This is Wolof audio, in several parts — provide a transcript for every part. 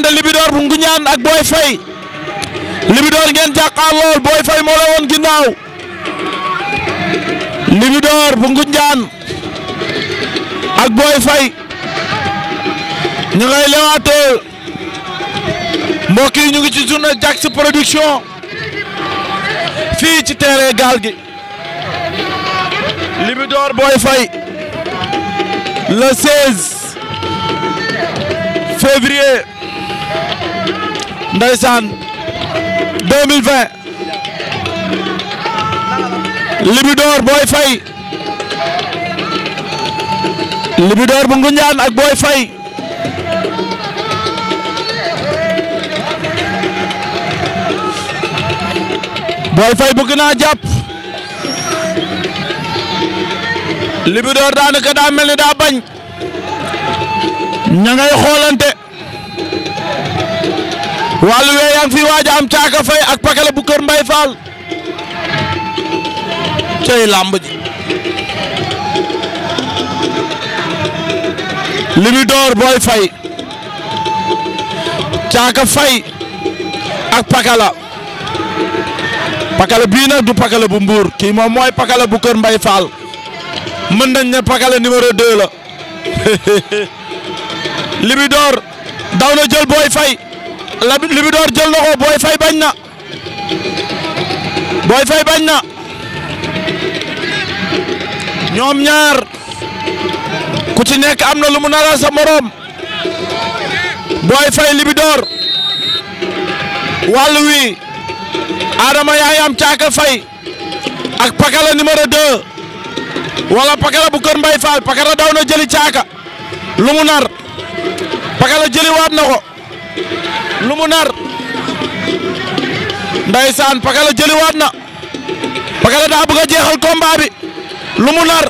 diggante Libidor bu Nguñaan ak Boy Faye Libidor ngeen jàkkaar lool Boy moo la woon ginnaaw Libidor bu Nguñaan ak Boy Faye ngay lewaatee mbokk yi ñu ngi ci journée Diaks production fii ci terrain gaal gi Libidor Boy Faye le 16 ndeysaan 2020 Libidor Boy Faye Libidor bu Ngunjaan ak Boy Faye Boy Faye bëgg naa jàpp Libidor daanaka daa mel ni daa bañ ña xoolante wàllu wee yaa ngi fi waaj caaka fay ak pakala bu kër mbay faal cey làmb ji li door booy fay caaka fay ak pakala pakala bii nag du pakala bu mbuur kii moom mooy pakala bu kër mbay faal mën nañ ne pakala numéro 2 la li mu door daw na jël booy fay Libidor jël na ko Boy Faye bañ na Boy Faye bañ na ñoom ñaar ku ci nekk am na lu mu naral sa morom Boy Faye Libidor wàllu wi Adama yaay caaka Faye ak Pakala numéro 2 wala Pakala bu Mbay Fall Pakala daw na jëli caaka lu nar Pakala jëli waat na ko. lu mu nar ndaysaan Pakala jëliwaat na Pakala daa bëgg jeexal combat bi lu nar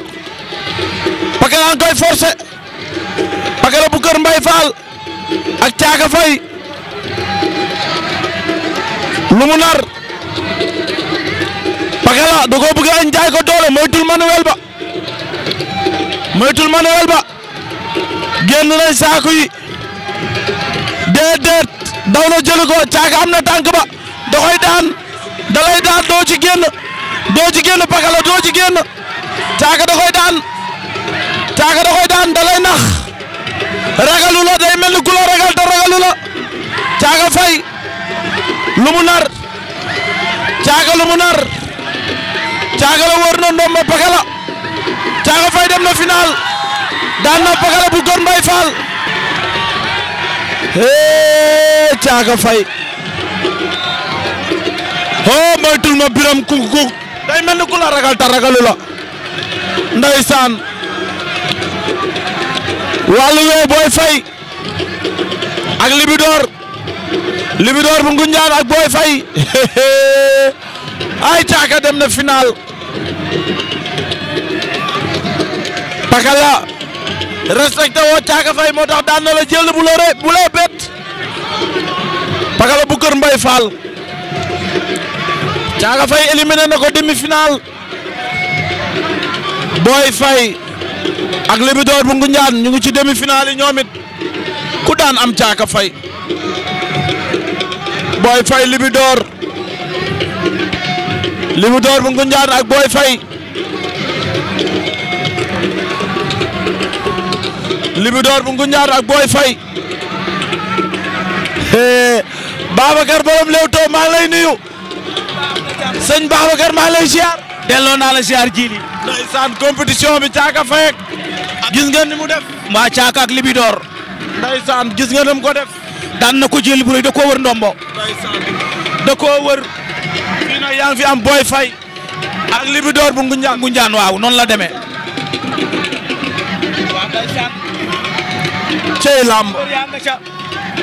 Pakala koy forcer Pakala bu Mbay Faal ak Caaka Fay lu nar Pakala da koo bëgg njaay ko doole moytul manuel ba moytul manuel ba génn nañ saako yi déedéet daw na jëli ko caaka am na tànk ba da daan da daan doo ci génn doo ci génn pakala doo ci génn caaka da daan caaka da daan da nax ragalu day mel ni ku ragal te ragalu la fay lu mu nar caaka lu mu nar caaka la wër na ndomba pakala fay dem na final daan na pakala bu góor mbay faal hee Caaka Faye oh moytul ma biram kuk kuk day mel ni ku la ragal ta ragalu la Boy Faye ak Libidor Libidor bu Ngunjaan ak Boy Faye ay Caaka dem na final pakala respecté woo Caaka Faye moo tax daan na la jël bu loo bu loo bett Pakala bu Caaka Faye éliminé na ko demi-finale Boy Faye ak Libidor bu Ngoundiane ñu ngi ci demi-finale yi ñoom it ku daan am Caaka Faye Boy Faye Libidor Libidor bu Ngoundiane ak Boy Faye Libidor bu Ngunjaan ak Boy Faye Babacar borom Leewtoo maa ngi lay nuyu sëñ Babacar maa ngi lay ziar. naa la ziar jiili. ndeysaan bi caaka fayek gis ngeen ni mu def. maa caaka ak Libidor. ndeysaan gis ngeen ni mu ko def. daan na ko jël da koo wër ndombo. ndeysaan da koo wër. fii nag yaa ngi fi am Boy Faye ak Libidor bu Ngunjaan. Ngunjaan waaw noonu la demee. cey làmb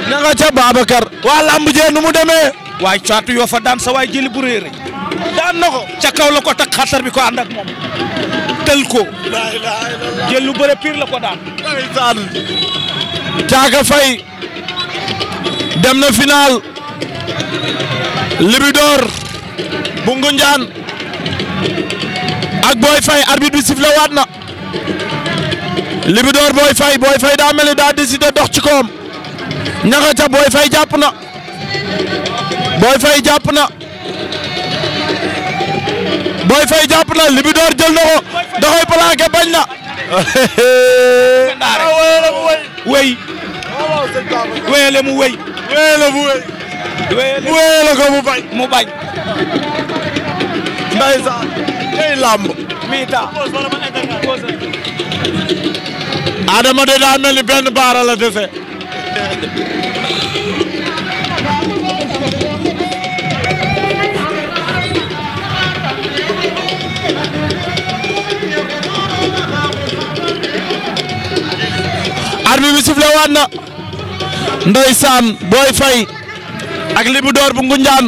na nga ca Babacar waa làmb jee nu mu demee waay caatu yoo daan sa waay jëli bu daan na ko ca kaw la ko tak xatar bi ko ànd moom tël ko jël lu la ko daan daan Caaka Fay dem na final Libidor bu ak Boy Fay arbitre bi sifflé waat na Libidor Boy Faye Boy Faye daa mel dox ci koom ña nga ca Boy Faye jàpp na Boy Faye jàpp na Boy Faye jàpp na Libidor jël na ko da koy plaqué bañ na. wey weyale mu wey. mu wey. weyale mu bañ mu bañ. ndeysaan. day làmb. Adama de daa benn baara la dese. arbi bi sifle waat na ndeysaan booy fay ak libidoor bu ngunjaan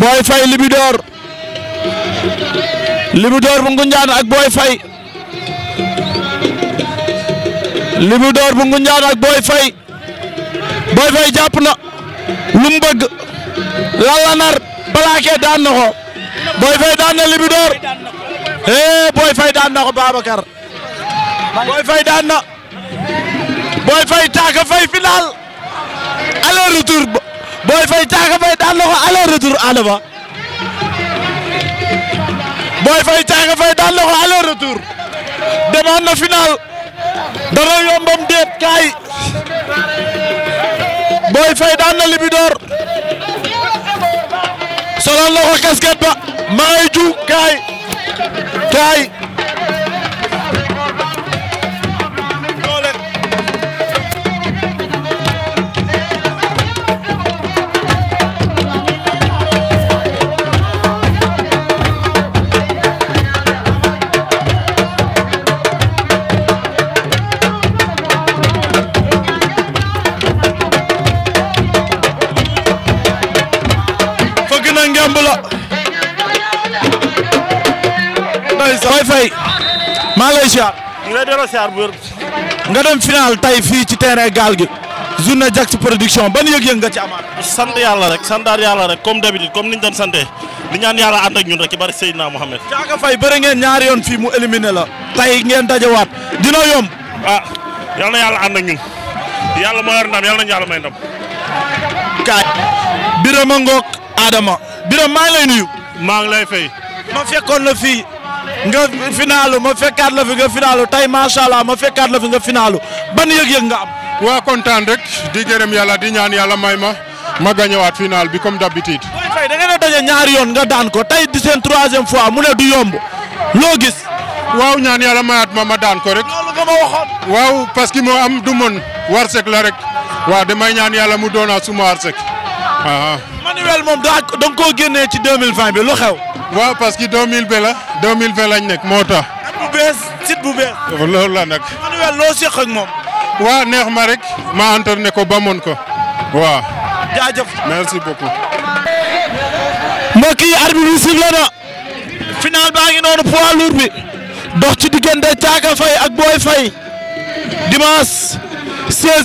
booy fay libidoor libidoor bu ngunjaan ak booy fay Libidor bu Ngunjaan ak Boy Faye Boy Faye jàpp na lu mu bëgg lan la nar plaqué daan na ko Boy Faye daan na Libidor eh Boy Faye daan na ko Babacar Boy Faye daan na Boy Faye Thiaka retour Boy Faye Thiaka Faye daan na ko aller retour àll ba Boy Faye Thiaka daan na ko aller retour demoon na final. dara yombam déet kaay Boy Faye daan na Libidor solal na ko casquette ju kaay kaay lamb la. ndeysaan Boy Faye maa ngi lay siyaar. ñu ngi lay delloo siyaar bu wér. nga dem final tay fii ci terrain gaal gi. na journée Jaks production ban yëg-yëg nga ci amaat. sant yàlla rek santaat yàlla rek comme d'habitude comme niñ doon santee di ñaan yàlla ànd ak ñun rek ci bari Seydina Mohamed. Thiaka Faye bëri ngeen ñaari yoon fi mu éliminé la. tay ngeen dajawaat dina yomb. ah yal na yàlla ànd ak yàlla moo yor ndam yal nañu yàlla may ndam. kaay. Birama Ngok Adama. Birame maa ngi lay nuyu. maa ngi lay fay. ma fekkoon la fii nga finaalu ma fekkaat la fi nga finaalu tey macha allah ma fekkaat la fi nga finaalu ban yëg-yëg nga am. waa kontaan rek di gërëm yàlla di ñaan yàlla may ma ma gañewaat final bi comme d'habitude. Boy Faye da ngeen ñaari yoon nga daan ko tey di seen troisième fois mu ne du yomb loo gis. waaw ñaan yàlla mayaat ma ma daan ko rek. nga ma waxoon. waaw parce que moo am du mon warsek la rek. waa damay ñaan yàlla mu doonaat suma warsek. Ah. Manuel moom daa da nga koo génnee ci 2020 bi lu xew. waaw parce que 2000 bi la 2020 lañ nekk moo ta at bu bees site nag. Manuel loo séq ak moom. waaw neex ma rek. ma entraîné ko ba moon ko. waaw. merci beaucoup. mbokk yi bi sifflé na. final baa ngi noonu poids lourd dox ci diggante Thiaka Faye ak Boy Faye dimanche 16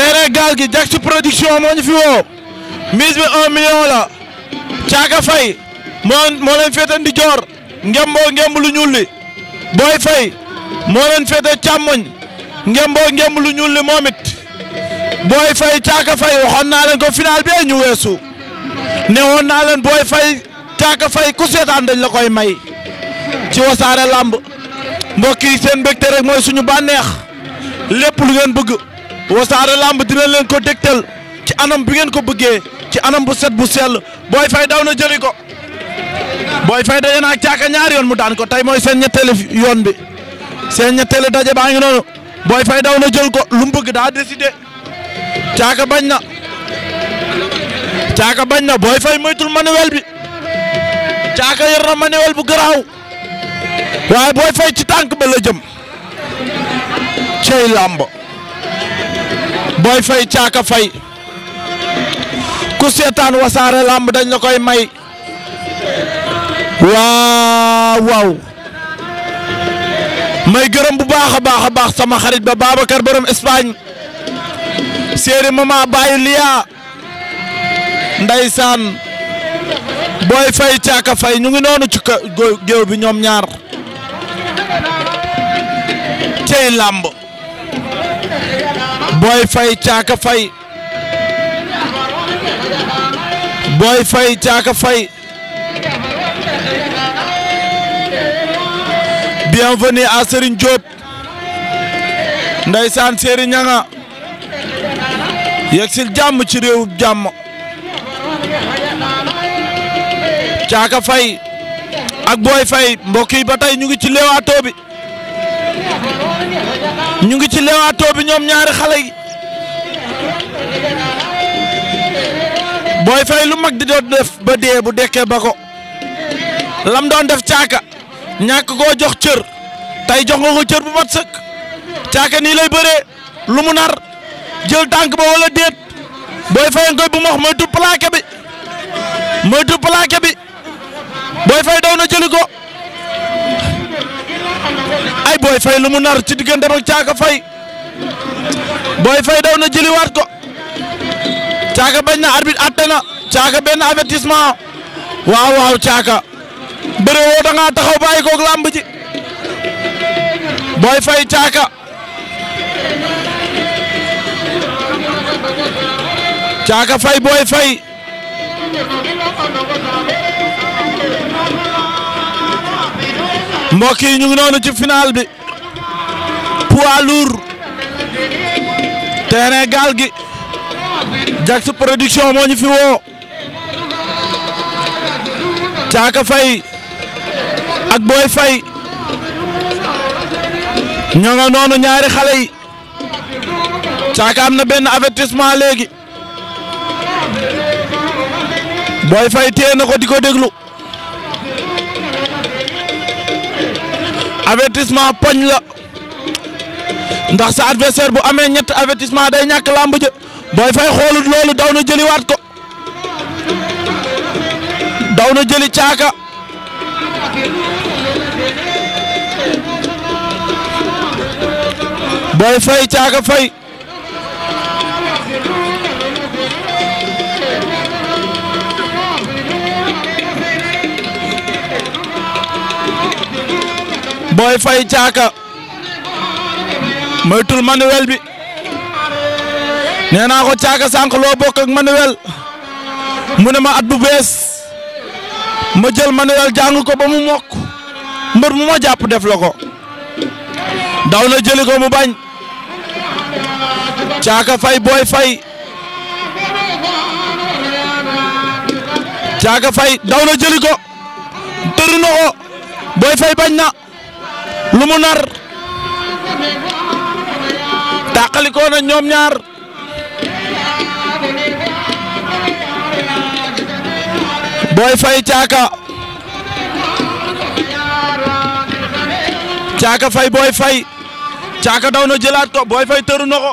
terrain gaal gi Diaks production moo ñu fi woo mise bi un Caaka Fay moo moo leen féete ndi ngemboo ngemb lu ñuul li Fay moo leen féete càmmoñ ngemboo ngemb lu ñuul li moom it Fay Caaka Fay waxoon naa leen ko final bi ñu weesu ne woon naa leen Boy Fay Caaka Fay ku seetaan dañ la koy may ci Wassare Lamb mbokk yi seen mbégte rek mooy suñu bànneex lépp lu ngeen bëgg Wassare Lamb dina leen ko dégtal ci anam bi ngeen ko bëggee ci anam bu set bu sell Boy Faye daw na jëli ko Boy Faye daje na ak caaka ñaari yoon mu daan ko tey mooy seen ñetteelu yoon bi seen ñetteelu daje baa ngi noonu Boy Faye daw na jël ko lu mu bëgg daa décidé caaka bañ na caaka bañ na Boy Faye moytul manuel bi caaka yor na manuel bu garaaw waaye Boy Faye ci tànk ba la jëm cey làmb booy fay caaka fay ku seetaan wasaare làmb dañ la koy may waaw waaw may gërëm bu baax a baax a baax sama xarit ba Babacar borom Espagne séeri mama bàyyi liyaa ndeysaan booy fay caaka fay ñu ngi noonu ci géew bi ñoom ñaar cey làmb Boy fay Thiaka fay Boy fay Thiaka Faye bienvenue à Serigne Diop ndeysaan Serigne ñanga yegsil jàmm ci réewu jàmm caaka fay ak booy fay mbokk yi ba tey ñu ngi ci Leewtoo bi ñu ngi ci lewaatoo bi ñoom ñaari xale booy fay lu mag di doon def ba dee bu dekkee ba ko lam doon def caaka ñàkk koo jox cër tey jox nga ko cër bu mat sëkk caaka nii lay bëree lu mu nar jël tànk ba wala déet booy fay koy bu ma wax moytu plaqué bi moytu plaqué bi booy fay daw na jëli ko. ay Boy Faye lu mu nar ci diggan ak Caaka Faye Boy Faye daw na jëliwaat ko Caaka bañ na arbitre atte Caaka benn avertissement waaw waaw Caaka bëre woo da taxaw bàyyi koog làmb ji Boy Caaka Caaka Faye Boy Faye mbokk yi ñu ngi noonu ci final bi poids lourd terrain gaal gi Diaks production moo ñu fi woo Caaka Faye ak Boy Faye ñoo ñaari xale yi Caaka am na benn avertissement léegi Boy Faye téye na ko di ko déglu avertissement poñ la ndax sa adversaire bu amee ñett avertissement day ñàkk làmb ja booy fay xoolut loolu daw na jëliwaat ko daw na jëli caaka booy fay caaka fay Boy Faye Caaka moytul manuel bi nee naa ko Caaka sànq loo bokk ak manuel mu ma at bu bees ma jël manuel jàng ko ba mu mokk mbër mu ma jàpp def la ko daw na jëli ko mu bañ Caaka Faye Boy Faye Caaka Faye daw na jëli ko tër na ko Boy Faye bañ na lu mu nar tàqalikoo na ñoom ñaar booy fay caaka caaka fay booy fay caaka daw na jëlaat ko booy fay tëru ko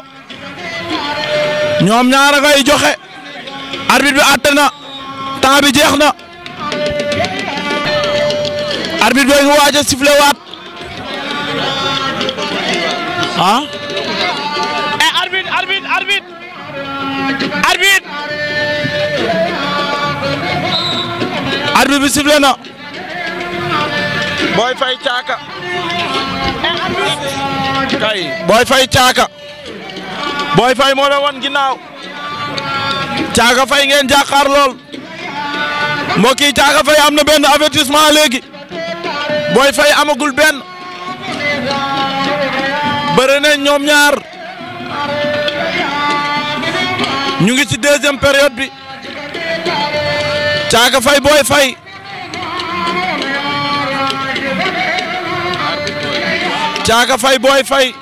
ñoom ñaar a ngay joxe arbitre bi àtte na jeex na arbitre bi ngi waaj a sifflé waat ah. eh arbitre arbitre arbitre arbitre. arbitre bi sifflé moo la wan ginnaaw. Thiaka Faye ngeen jàkkaar lool. mbokk yi Thiaka Faye am na benn avertissement léegi. Boy Faye amagul benn. bëre nañ ñoom ñaar ñu ngi ci deuxième période bi Caaka Fay Boy Fay Caaka Fay Boy Fay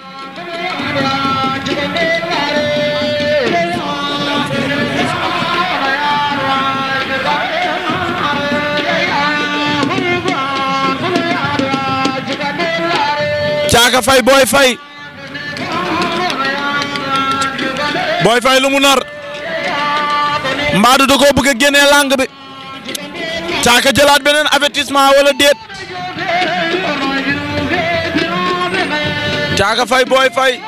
Caaka Fay Boy Faye lu mu nar mbaadu da koo bëgg a génnee lang bi caaka jëlaat beneen avertissement wala déet caaka fay Boy fay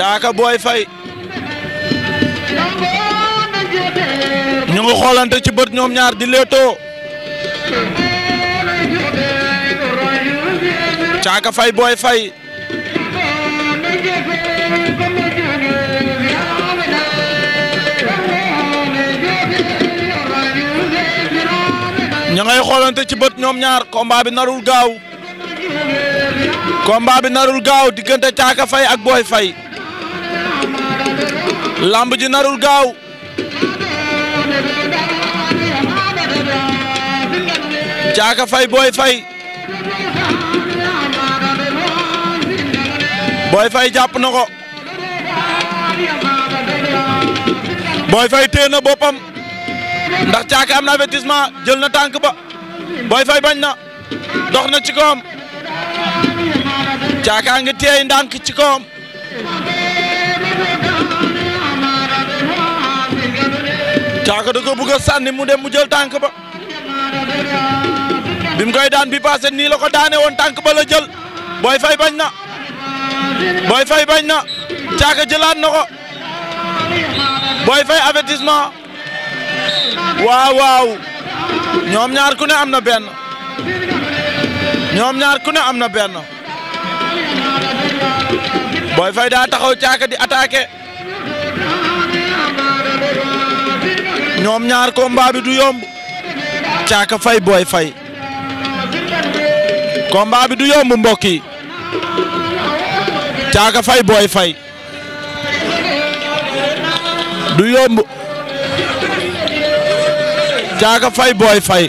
caaka Boy Faye ñu ngi ci bët ñoom ñaar di leetoo Caaka Faye Boy Faye ña ngay xoolante ci bët ñoom ñaar combat bi narul gaaw combat bi narul gaaw diggante Caaka Faye ak Boy Faye lamb ji narul gaaw Caaka Faye Boy Faye Boy Faye jàpp na ko booy Faye téye na boppam ndax Caaka am na avertissement jël na tànk ba Boy Faye bañ na dox na ci koom Caaka ngi téye ci koom Caaka da ko bëgg a mu dem mu jël tànk ba bi koy daan bi passé nii la ko daane woon tànk ba la jël Boy Faye bañ na Boy fay bañ na Caaka jëlaat na ko Boy Faye avertissement waaw waaw ñoom ñaar ku ne am na benn ñoom ñaar ku ne am na benn Boy Faye daa taxaw Caaka di attaqué ñoom ñaar combat bi du yomb Caaka fay booy fay combat bi du yomb mbokk yi Caaka Fay Boy Fay du yomb Caaka Fay Boy Fay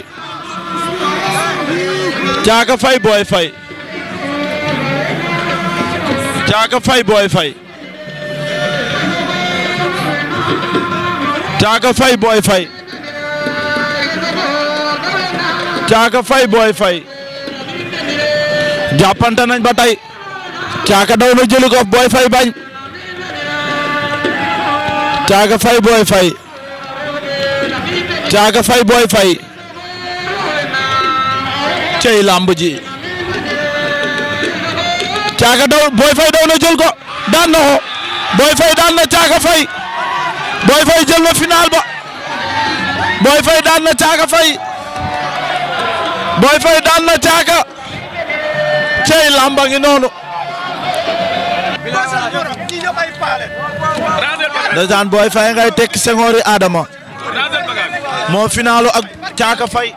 Caaka Fay Boy Fay Caaka Fay Boy Fay Caaka Fay Boy Fay Caaka Fay Boy Fay jàppante nañ ba tey caaka daw na jëli ko booy fay bañ caaka fay booy fay caaka fay booy fay cey làmb caaka daw booy fay daw na jël ko daan na ko booy fay daan na caaka fay booy fay jël na final ba booy fay daan na caaka fay booy fay daan na caaka cey làmba ngi noonu ndeysaan booy fay ngay tekki sengoor Adama moo finaalu ak caaka fay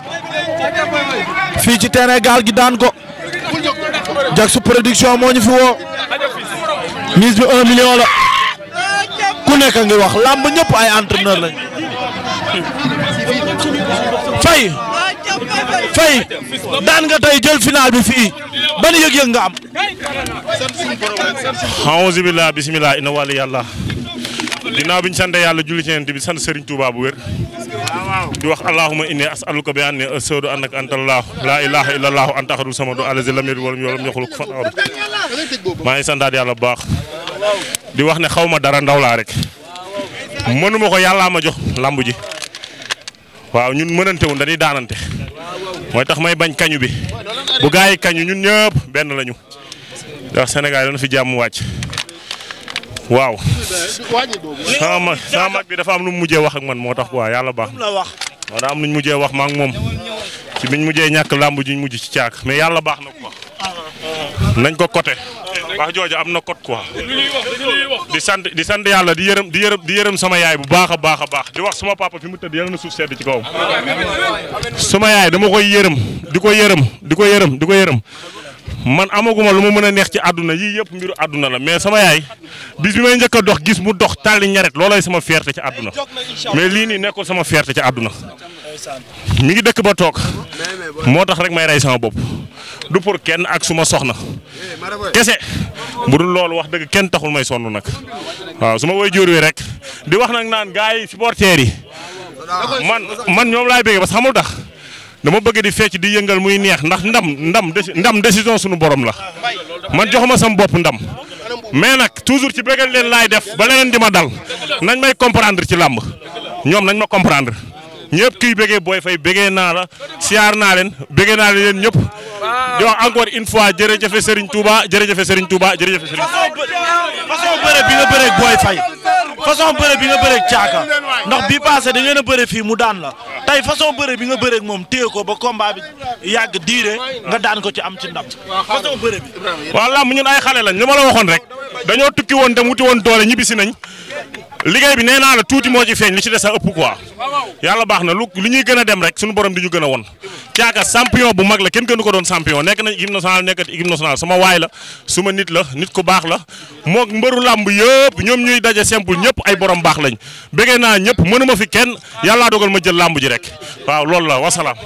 fii ci terrain gaal gi daan ko Jackson production moo ñu fi woo mise un million la ku nekk ngi wax làmb ñëpp ay entraîneur lañ fay fay daan nga tey jël final bi fii ban yëg-yëg nga am. awuzu bismillah inna wali yàlla. ginnaaw bi ñu sant yàlla julli ci bi sant Serigne Touba bu wér. di wax allahuma inni as'aluka bi anni as'aluka annaka anta allah laa ilaaha illa allah anta ahadu samadu allazi lam yalid walam yuulad walam yakul lahu kufuwan ahad maa ngi santaat yàlla bu baax. di wax ne xaw ma dara ndaw laa rek. mënuma ko yàllaa ma jox lamb ji. waaw ñun mënante wuñ daanante. mooy tax may bañ kañu bi. bu yi kañu ñun ñëpp benn lañu. ndax Sénégal dana fi jàmm wàcc. waaw. sama mag sama bi dafa am lu mujjee wax ak man moo tax quoi yàlla baax na. waaw daa am lu mujjee wax ma ak moom ci biñ mujjee ñàkk làmb ji mujj ci caak mais yàlla baax na quoi. nañ ko côté. wax jooju am na kot quoi. di sant di sant yàlla di yërëm di yërëm di yërëm sama yaay bu baax a baax a baax di wax suma papa fi mu tëdd yàlla na suuf sedd ci kawam. suma yaay dama koy yërëm di ko yërëm di ko yërëm di ko yërëm. man amaguma lu ma mën a neex ci àdduna yii yëpp mbiru àdduna la mais sama yaay bis bi may njëkk dox gis mu dox tàlli ñaret loolay sama fierté ci àdduna mais lii nii nekkul sama fierté ci àdduna mu ngi dëkk ba toog moo tax rek may rey sama bopp du pour kenn ak suma soxna eh, kese bu dul loolu wax dëgg kenn taxul may sonn nag waaw su ma woy wi rek di wax nag naan gars yi supporters yi man man ñoom laay bëgg parce xamul tax dama bëgg di fecc di yëngal muy neex ndax ndam ndam ndam décision suñu borom la man ma sam bopp ndam mais nag toujours ci bëggal leen laay def ba leneen di ma dal nañ may comprendre ci làmb ñoom nañ ma comprendre ñëpp kii bëggee booy fay bëggee naa la siyaar naa leen bëggee naa leen ñëpp di wax encore une fois jërëjëfe Serigne Touba jërëjëfe Serigne Touba jërëjëfe Serigne façon bëre bi nga bëreeg booy fay façon bëre bi nga bëreeg caaka a fii mu daan la tey façon bëre bi nga bëre ak moom téye ko ba combat bi yàgg diire nga daan ko ci am ci ndam façon bëre bi. waaw ñun ay xale lañ li rek. dañoo tukki woon dem wuti woon doole ñibbisi nañ liggéey bi nee naa la tuuti moo ci feeñ li ci des a ëpp quoi yàlla baax na lu li ñuy gën a dem rek suñu borom di ñu gën a won caaka champion bu mag la kenn gënu ko doon champion nekk na équipe nationale nekk équipe nationale sama waay la suma nit la nit ku baax la moog mbëru làmb yëpp ñoom ñuy daje simple ñëpp ay borom baax lañ bëggee naa ñëpp mënuma fi kenn yàllaa dogal ma jël làmb ji rek waaw loolu la wasalaam